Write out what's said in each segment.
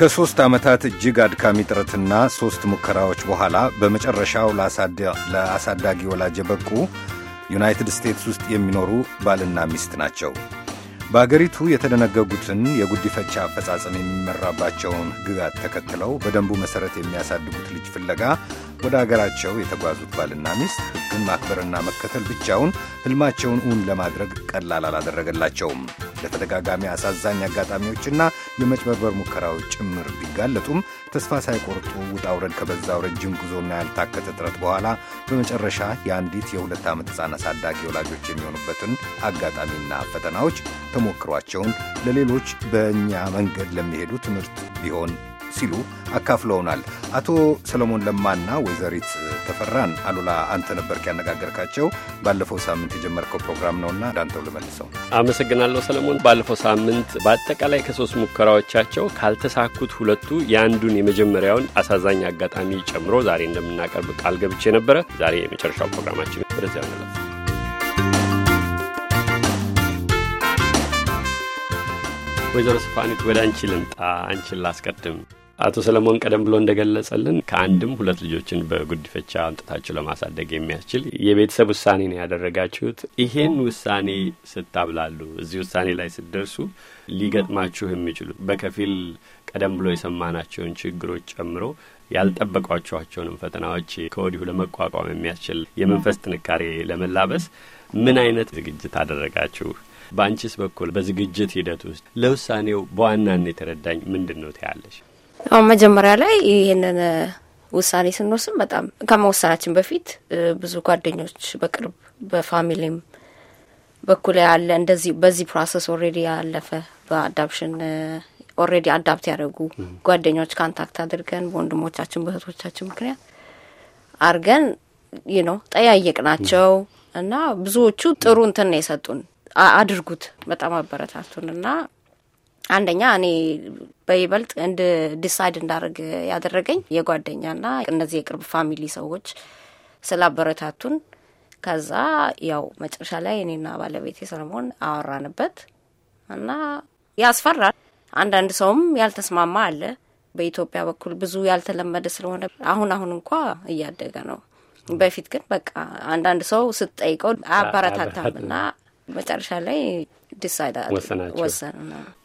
ከሦስት ዓመታት እጅግ አድካሚ ጥረትና ሦስት ሙከራዎች በኋላ በመጨረሻው ለአሳዳጊ ወላጅ የበቁ ዩናይትድ ስቴትስ ውስጥ የሚኖሩ ባልና ሚስት ናቸው። በአገሪቱ የተደነገጉትን የጉዲፈቻ አፈጻጸም የሚመራባቸውን ሕግጋት ተከትለው በደንቡ መሠረት የሚያሳድጉት ልጅ ፍለጋ ወደ አገራቸው የተጓዙት ባልና ሚስት ሕግን ማክበርና መከተል ብቻውን ሕልማቸውን እውን ለማድረግ ቀላል አላደረገላቸውም። ለተደጋጋሚ አሳዛኝ አጋጣሚዎችና የመጭበርበር ሙከራዎች ጭምር ቢጋለጡም ተስፋ ሳይቆርጡ ውጣውረድ ውረድ ከበዛው ረጅም ጉዞና ያልታከተ ጥረት በኋላ በመጨረሻ የአንዲት የሁለት ዓመት ሕፃን አሳዳጊ ወላጆች የሚሆኑበትን አጋጣሚና ፈተናዎች ተሞክሯቸውን ለሌሎች በእኛ መንገድ ለሚሄዱ ትምህርት ቢሆን ሲሉ አካፍለውናል። አቶ ሰለሞን ለማና ወይዘሪት ተፈራን አሉላ አንተ ነበር ያነጋገርካቸው። ባለፈው ሳምንት የጀመርከው ፕሮግራም ነውና ዳንተው ልመልሰው። አመሰግናለሁ ሰለሞን። ባለፈው ሳምንት በአጠቃላይ ከሶስት ሙከራዎቻቸው ካልተሳኩት ሁለቱ የአንዱን የመጀመሪያውን አሳዛኝ አጋጣሚ ጨምሮ ዛሬ እንደምናቀርብ ቃል ገብቼ ነበረ። ዛሬ የመጨረሻው ፕሮግራማችን ወደዚያ ወይዘሮ ስፋኒት ወደ አንቺ ልምጣ፣ አንቺን ላስቀድም። አቶ ሰለሞን ቀደም ብሎ እንደገለጸልን ከአንድም ሁለት ልጆችን በጉድፈቻ አምጥታችሁ ለማሳደግ የሚያስችል የቤተሰብ ውሳኔ ነው ያደረጋችሁት። ይሄን ውሳኔ ስታብላሉ፣ እዚህ ውሳኔ ላይ ስትደርሱ ሊገጥማችሁ የሚችሉ በከፊል ቀደም ብሎ የሰማናቸውን ችግሮች ጨምሮ ያልጠበቋቸኋቸውንም ፈተናዎች ከወዲሁ ለመቋቋም የሚያስችል የመንፈስ ጥንካሬ ለመላበስ ምን አይነት ዝግጅት አደረጋችሁ? በአንቺስ በኩል በዝግጅት ሂደት ውስጥ ለውሳኔው በዋናነት የተረዳኝ ምንድን ነው ትያለሽ? አሁን መጀመሪያ ላይ ይህንን ውሳኔ ስንወስን በጣም ከመወሰናችን በፊት ብዙ ጓደኞች በቅርብ በፋሚሊም በኩል ያለ እንደዚህ በዚህ ፕሮሰስ ኦሬዲ ያለፈ በአዳፕሽን ኦሬዲ አዳፕት ያደረጉ ጓደኞች ካንታክት አድርገን በወንድሞቻችን በእህቶቻችን ምክንያት አድርገን ይህ ጠያየቅ ናቸው እና ብዙዎቹ ጥሩ እንትን ነው የሰጡን አድርጉት። በጣም አበረታቱን እና አንደኛ እኔ በይበልጥ እንድ ዲሳይድ እንዳደርግ ያደረገኝ ና እነዚህ የቅርብ ፋሚሊ ሰዎች ስላበረታቱን፣ ከዛ ያው መጨረሻ ላይ እኔና ባለቤቴ ሰለሞን አወራንበት እና ያስፈራል። አንዳንድ ሰውም ያልተስማማ አለ። በኢትዮጵያ በኩል ብዙ ያልተለመደ ስለሆነ አሁን አሁን እንኳ እያደገ ነው። በፊት ግን በቃ አንዳንድ ሰው ስትጠይቀው አበረታታም ና መጨረሻ ላይ ወሰናቸው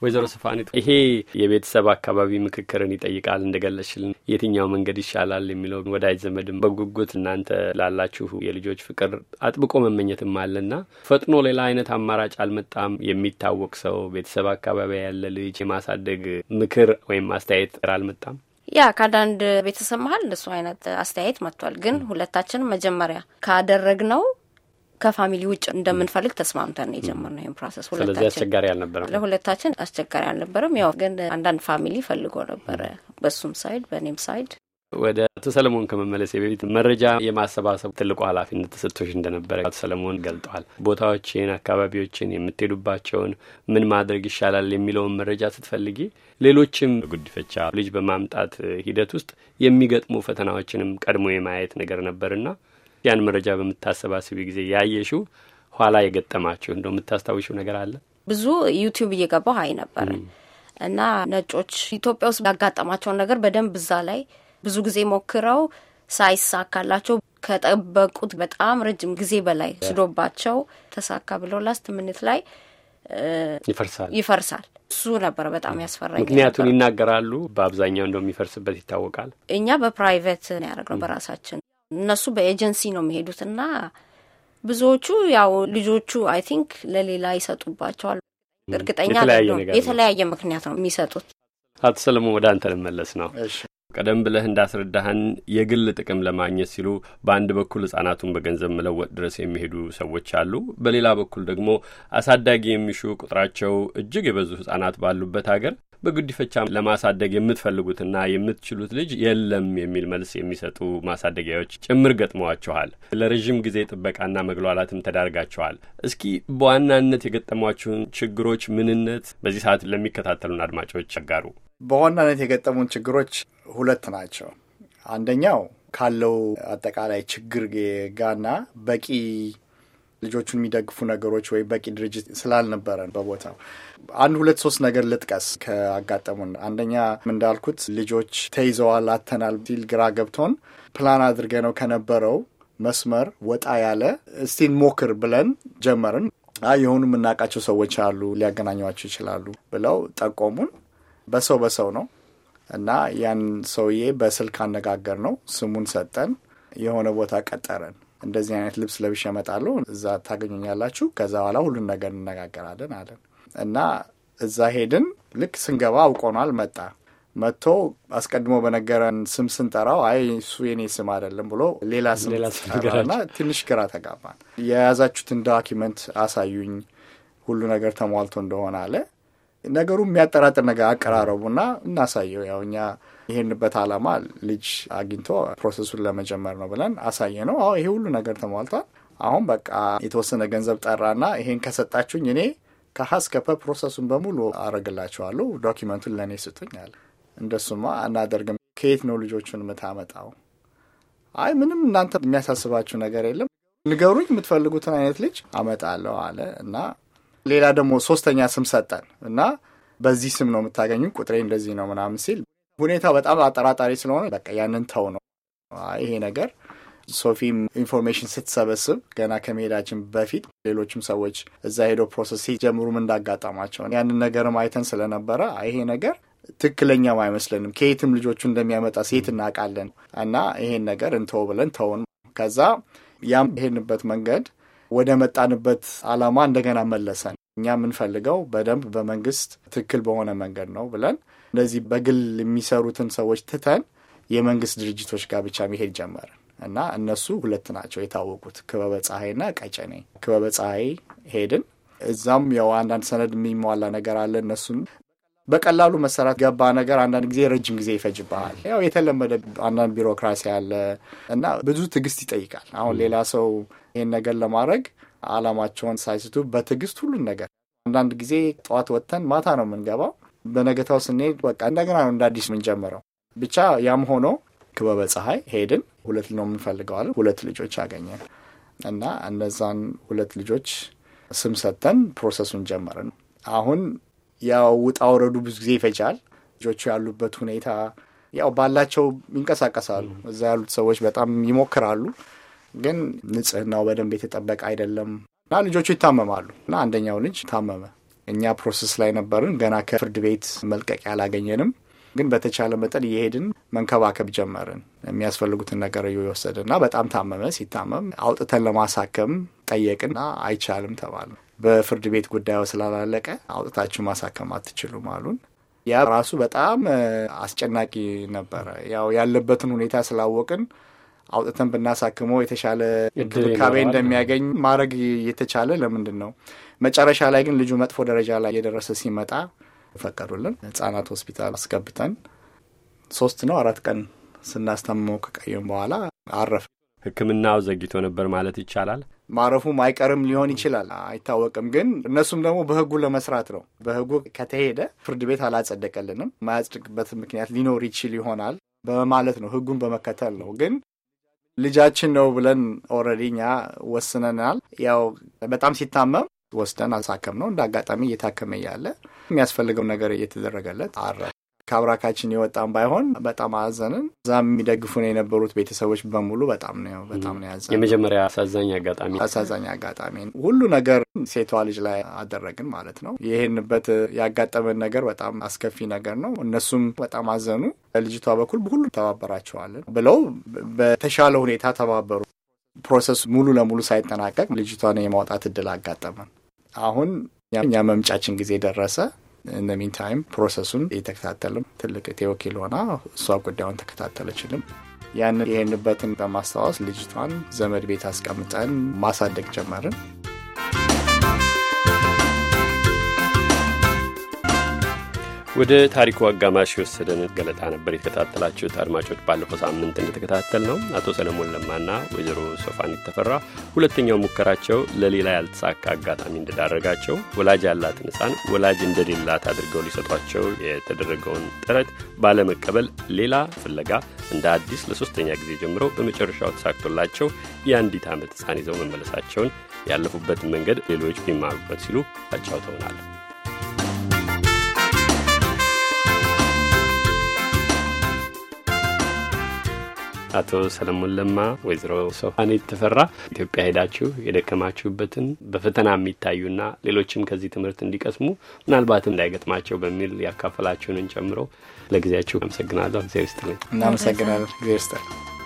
ወይዘሮ ስፋኒት ይሄ የቤተሰብ አካባቢ ምክክርን ይጠይቃል። እንደገለሽልን የትኛው መንገድ ይሻላል የሚለው ወዳጅ ዘመድም በጉጉት እናንተ ላላችሁ የልጆች ፍቅር አጥብቆ መመኘትም አለና ፈጥኖ ሌላ አይነት አማራጭ አልመጣም። የሚታወቅ ሰው ቤተሰብ አካባቢ ያለ ልጅ የማሳደግ ምክር ወይም አስተያየት አልመጣም። ያ ከአንዳንድ ቤተሰብ መሀል እንደሱ አይነት አስተያየት መጥቷል። ግን ሁለታችን መጀመሪያ ካደረግነው ከፋሚሊ ውጭ እንደምንፈልግ ተስማምተን ነው የጀመርነው ይህን ፕሮሰስ። ሁለታችን አስቸጋሪ አልነበረም፣ ለሁለታችን አስቸጋሪ አልነበረም። ያው ግን አንዳንድ ፋሚሊ ፈልጎ ነበረ፣ በሱም ሳይድ በእኔም ሳይድ። ወደ አቶ ሰለሞን ከመመለሴ በፊት መረጃ የማሰባሰብ ትልቁ ኃላፊነት ተሰጥቶሽ እንደነበረ አቶ ሰለሞን ገልጠዋል። ቦታዎችን፣ አካባቢዎችን፣ የምትሄዱባቸውን ምን ማድረግ ይሻላል የሚለውን መረጃ ስትፈልጊ፣ ሌሎችም ጉዲፈቻ ልጅ በማምጣት ሂደት ውስጥ የሚገጥሙ ፈተናዎችንም ቀድሞ የማየት ነገር ነበርና ያን መረጃ በምታሰባስቢ ጊዜ ያየሽው ኋላ የገጠማችሁ እንደ የምታስታውሽው ነገር አለ? ብዙ ዩቲዩብ እየገባሁ አይ ነበር እና ነጮች ኢትዮጵያ ውስጥ ያጋጠማቸውን ነገር በደንብ እዛ ላይ ብዙ ጊዜ ሞክረው ሳይሳካላቸው ከጠበቁት በጣም ረጅም ጊዜ በላይ ስዶባቸው ተሳካ ብለው ላስት ምኒት ላይ ይፈርሳል ይፈርሳል። እሱ ነበረ በጣም ያስፈራኝ። ምክንያቱን ይናገራሉ። በአብዛኛው እንደሚፈርስበት ይታወቃል። እኛ በፕራይቬት ያደረግነው በራሳችን እነሱ በኤጀንሲ ነው የሚሄዱት እና ብዙዎቹ ያው ልጆቹ አይ ቲንክ ለሌላ ይሰጡባቸዋል። እርግጠኛ የተለያየ ምክንያት ነው የሚሰጡት። አቶ ሰለሞን ወደ አንተ ልመለስ ነው። ቀደም ብለህ እንዳስረዳህን የግል ጥቅም ለማግኘት ሲሉ በአንድ በኩል ህጻናቱን በገንዘብ መለወጥ ድረስ የሚሄዱ ሰዎች አሉ። በሌላ በኩል ደግሞ አሳዳጊ የሚሹ ቁጥራቸው እጅግ የበዙ ህጻናት ባሉበት ሀገር በጉዲፈቻ ለማሳደግ የምትፈልጉትና የምትችሉት ልጅ የለም የሚል መልስ የሚሰጡ ማሳደጊያዎች ጭምር ገጥመዋችኋል። ለረዥም ጊዜ ጥበቃና መግሏላትም ተዳርጋችኋል። እስኪ በዋናነት የገጠሟችሁን ችግሮች ምንነት በዚህ ሰዓት ለሚከታተሉን አድማጮች አጋሩ። በዋናነት የገጠሙን ችግሮች ሁለት ናቸው። አንደኛው ካለው አጠቃላይ ችግር ጋና በቂ ልጆቹን የሚደግፉ ነገሮች ወይም በቂ ድርጅት ስላልነበረን በቦታው አንድ ሁለት ሶስት ነገር ልጥቀስ ከአጋጠሙን። አንደኛ እንዳልኩት ልጆች ተይዘዋል አተናል ሲል ግራ ገብቶን ፕላን አድርገ ነው ከነበረው መስመር ወጣ ያለ እስቲ ሞክር ብለን ጀመርን። አይ የሆኑ የምናውቃቸው ሰዎች አሉ ሊያገናኟቸው ይችላሉ ብለው ጠቆሙን። በሰው በሰው ነው እና ያን ሰውዬ በስልክ አነጋገር ነው። ስሙን ሰጠን፣ የሆነ ቦታ ቀጠረን። እንደዚህ አይነት ልብስ ለብሽ ያመጣሉ እዛ ታገኙኛላችሁ፣ ከዛ በኋላ ሁሉን ነገር እነጋገራለን አለን እና እዛ ሄድን። ልክ ስንገባ አውቆኗል። መጣ መጥቶ አስቀድሞ በነገረን ስም ስንጠራው አይ እሱ የኔ ስም አይደለም ብሎ ሌላ ስምና ትንሽ ግራ ተጋባን። የያዛችሁትን ዳኪመንት አሳዩኝ ሁሉ ነገር ተሟልቶ እንደሆነ አለ። ነገሩ የሚያጠራጥር ነገር አቀራረቡና እናሳየው ያው እኛ ይሄንበት አላማ ልጅ አግኝቶ ፕሮሰሱን ለመጀመር ነው ብለን አሳየ ነው። አሁ ይሄ ሁሉ ነገር ተሟልቷል። አሁን በቃ የተወሰነ ገንዘብ ጠራና ይሄን ከሰጣችሁኝ እኔ ከሀስ ከፐ ፕሮሰሱን በሙሉ አረግላችኋለሁ፣ ዶኪመንቱን ለእኔ ስጡኝ አለ። እንደሱማ አናደርግም። ከየት ነው ልጆቹን የምታመጣው? አይ ምንም እናንተ የሚያሳስባችሁ ነገር የለም፣ ንገሩኝ የምትፈልጉትን አይነት ልጅ አመጣለሁ አለ እና ሌላ ደግሞ ሶስተኛ ስም ሰጠን እና በዚህ ስም ነው የምታገኙ፣ ቁጥሬ እንደዚህ ነው ምናምን ሲል ሁኔታ በጣም አጠራጣሪ ስለሆነ በቃ ያንን ተው ነው ይሄ ነገር። ሶፊም ኢንፎርሜሽን ስትሰበስብ ገና ከመሄዳችን በፊት ሌሎችም ሰዎች እዛ ሄዶ ፕሮሰስ ሲጀምሩም እንዳጋጠማቸው ያንን ነገርም አይተን ስለነበረ ይሄ ነገር ትክክለኛም አይመስለንም፣ ከየትም ልጆቹ እንደሚያመጣ ሴት እናውቃለን እና ይሄን ነገር እንተው ብለን ተውን። ከዛ ያም ሄድንበት መንገድ ወደ መጣንበት ዓላማ እንደገና መለሰን። እኛ የምንፈልገው በደንብ በመንግስት ትክክል በሆነ መንገድ ነው ብለን እንደዚህ በግል የሚሰሩትን ሰዎች ትተን የመንግስት ድርጅቶች ጋር ብቻ መሄድ ጀመርን እና እነሱ ሁለት ናቸው የታወቁት፣ ክበበ ፀሐይና ቀጨኔ። ክበበ ፀሐይ ሄድን። እዛም ያው አንዳንድ ሰነድ የሚሟላ ነገር አለ። እነሱን በቀላሉ መሰራት ገባ ነገር አንዳንድ ጊዜ ረጅም ጊዜ ይፈጅብሃል። ያው የተለመደ አንዳንድ ቢሮክራሲ አለ እና ብዙ ትዕግስት ይጠይቃል። አሁን ሌላ ሰው ይህን ነገር ለማድረግ አላማቸውን ሳይስቱ በትዕግስት ሁሉን ነገር አንዳንድ ጊዜ ጠዋት ወጥተን ማታ ነው የምንገባው። በነገታው ስንሄድ በቃ እንደገና ነው እንደ አዲስ የምንጀምረው። ብቻ ያም ሆኖ ክበበ ፀሐይ ሄድን። ሁለት ነው የምንፈልገዋል። ሁለት ልጆች አገኘን እና እነዛን ሁለት ልጆች ስም ሰጥተን ፕሮሰሱን ጀመርን። አሁን ያው ውጣ ወረዱ ብዙ ጊዜ ይፈጃል። ልጆቹ ያሉበት ሁኔታ ያው ባላቸው ይንቀሳቀሳሉ። እዛ ያሉት ሰዎች በጣም ይሞክራሉ፣ ግን ንጽህናው በደንብ የተጠበቀ አይደለም እና ልጆቹ ይታመማሉ። እና አንደኛው ልጅ ታመመ። እኛ ፕሮሰስ ላይ ነበርን። ገና ከፍርድ ቤት መልቀቂያ አላገኘንም፣ ግን በተቻለ መጠን እየሄድን መንከባከብ ጀመርን። የሚያስፈልጉትን ነገር የወሰደ እና በጣም ታመመ። ሲታመም አውጥተን ለማሳከም ጠየቅና አይቻልም ተባለ። በፍርድ ቤት ጉዳዩ ስላላለቀ አውጥታችሁ ማሳከም አትችሉም አሉን። ያ ራሱ በጣም አስጨናቂ ነበረ። ያው ያለበትን ሁኔታ ስላወቅን አውጥተን ብናሳክመው የተሻለ እንክብካቤ እንደሚያገኝ ማድረግ የተቻለ ለምንድን ነው? መጨረሻ ላይ ግን ልጁ መጥፎ ደረጃ ላይ እየደረሰ ሲመጣ ፈቀዱልን። ህጻናት ሆስፒታል አስገብተን ሶስት ነው አራት ቀን ስናስታምመው ከቀየም በኋላ አረፍ። ህክምናው ዘግይቶ ነበር ማለት ይቻላል። ማረፉ አይቀርም ሊሆን ይችላል፣ አይታወቅም። ግን እነሱም ደግሞ በህጉ ለመስራት ነው። በህጉ ከተሄደ ፍርድ ቤት አላጸደቀልንም፣ ማያጽድቅበት ምክንያት ሊኖር ይችል ይሆናል በማለት ነው። ህጉን በመከተል ነው። ግን ልጃችን ነው ብለን ኦልሬዲ እኛ ወስነናል። ያው በጣም ሲታመም ወስደን አሳከም ነው። እንደ አጋጣሚ እየታከመ ያለ የሚያስፈልገው ነገር እየተደረገለት አረ ከአብራካችን የወጣም ባይሆን በጣም አዘንን። እዛ የሚደግፉን የነበሩት ቤተሰቦች በሙሉ በጣም ነው በጣም ነው ያዘን። የመጀመሪያ አሳዛኝ አጋጣሚ አሳዛኝ አጋጣሚ ሁሉ ነገር ሴቷ ልጅ ላይ አደረግን ማለት ነው። የሄንበት ያጋጠመን ነገር በጣም አስከፊ ነገር ነው። እነሱም በጣም አዘኑ። ልጅቷ በኩል ሁሉ ተባበራቸዋለን ብለው በተሻለ ሁኔታ ተባበሩ። ፕሮሰስ ሙሉ ለሙሉ ሳይጠናቀቅ ልጅቷን የማውጣት እድል አጋጠመን። አሁን እኛ መምጫችን ጊዜ ደረሰ። እነሚንታይም ፕሮሰሱን እየተከታተልም ትልቅ ቴወኪል ሆና እሷ ጉዳዩን ተከታተለችልም። ያንን ይሄንበትን በማስታወስ ልጅቷን ዘመድ ቤት አስቀምጠን ማሳደግ ጀመርን። ወደ ታሪኩ አጋማሽ የወሰደን ገለጣ ነበር የተከታተላችሁት አድማጮች። ባለፈው ሳምንት እንደተከታተል ነው አቶ ሰለሞን ለማና ወይዘሮ ሶፋን የተፈራ ሁለተኛው ሙከራቸው ለሌላ ያልተሳካ አጋጣሚ እንደዳረጋቸው ወላጅ ያላትን ሕፃን ወላጅ እንደሌላት አድርገው ሊሰጧቸው የተደረገውን ጥረት ባለመቀበል ሌላ ፍለጋ እንደ አዲስ ለሶስተኛ ጊዜ ጀምረው በመጨረሻው ተሳክቶላቸው የአንዲት ዓመት ሕፃን ይዘው መመለሳቸውን ያለፉበትን መንገድ ሌሎች ቢማሩበት ሲሉ አጫውተውናል። አቶ ሰለሞን ለማ፣ ወይዘሮ ሶፋኔ ተፈራ ኢትዮጵያ ሄዳችሁ የደከማችሁበትን በፈተና የሚታዩና ሌሎችም ከዚህ ትምህርት እንዲቀስሙ ምናልባትም እንዳይገጥማቸው በሚል ያካፈላችሁንን ጨምሮ ለጊዜያችሁ አመሰግናለሁ። እግዚአብሔር ይስጥልኝ። እናመሰግናለን። እግዚአብሔር ይስጥልኝ።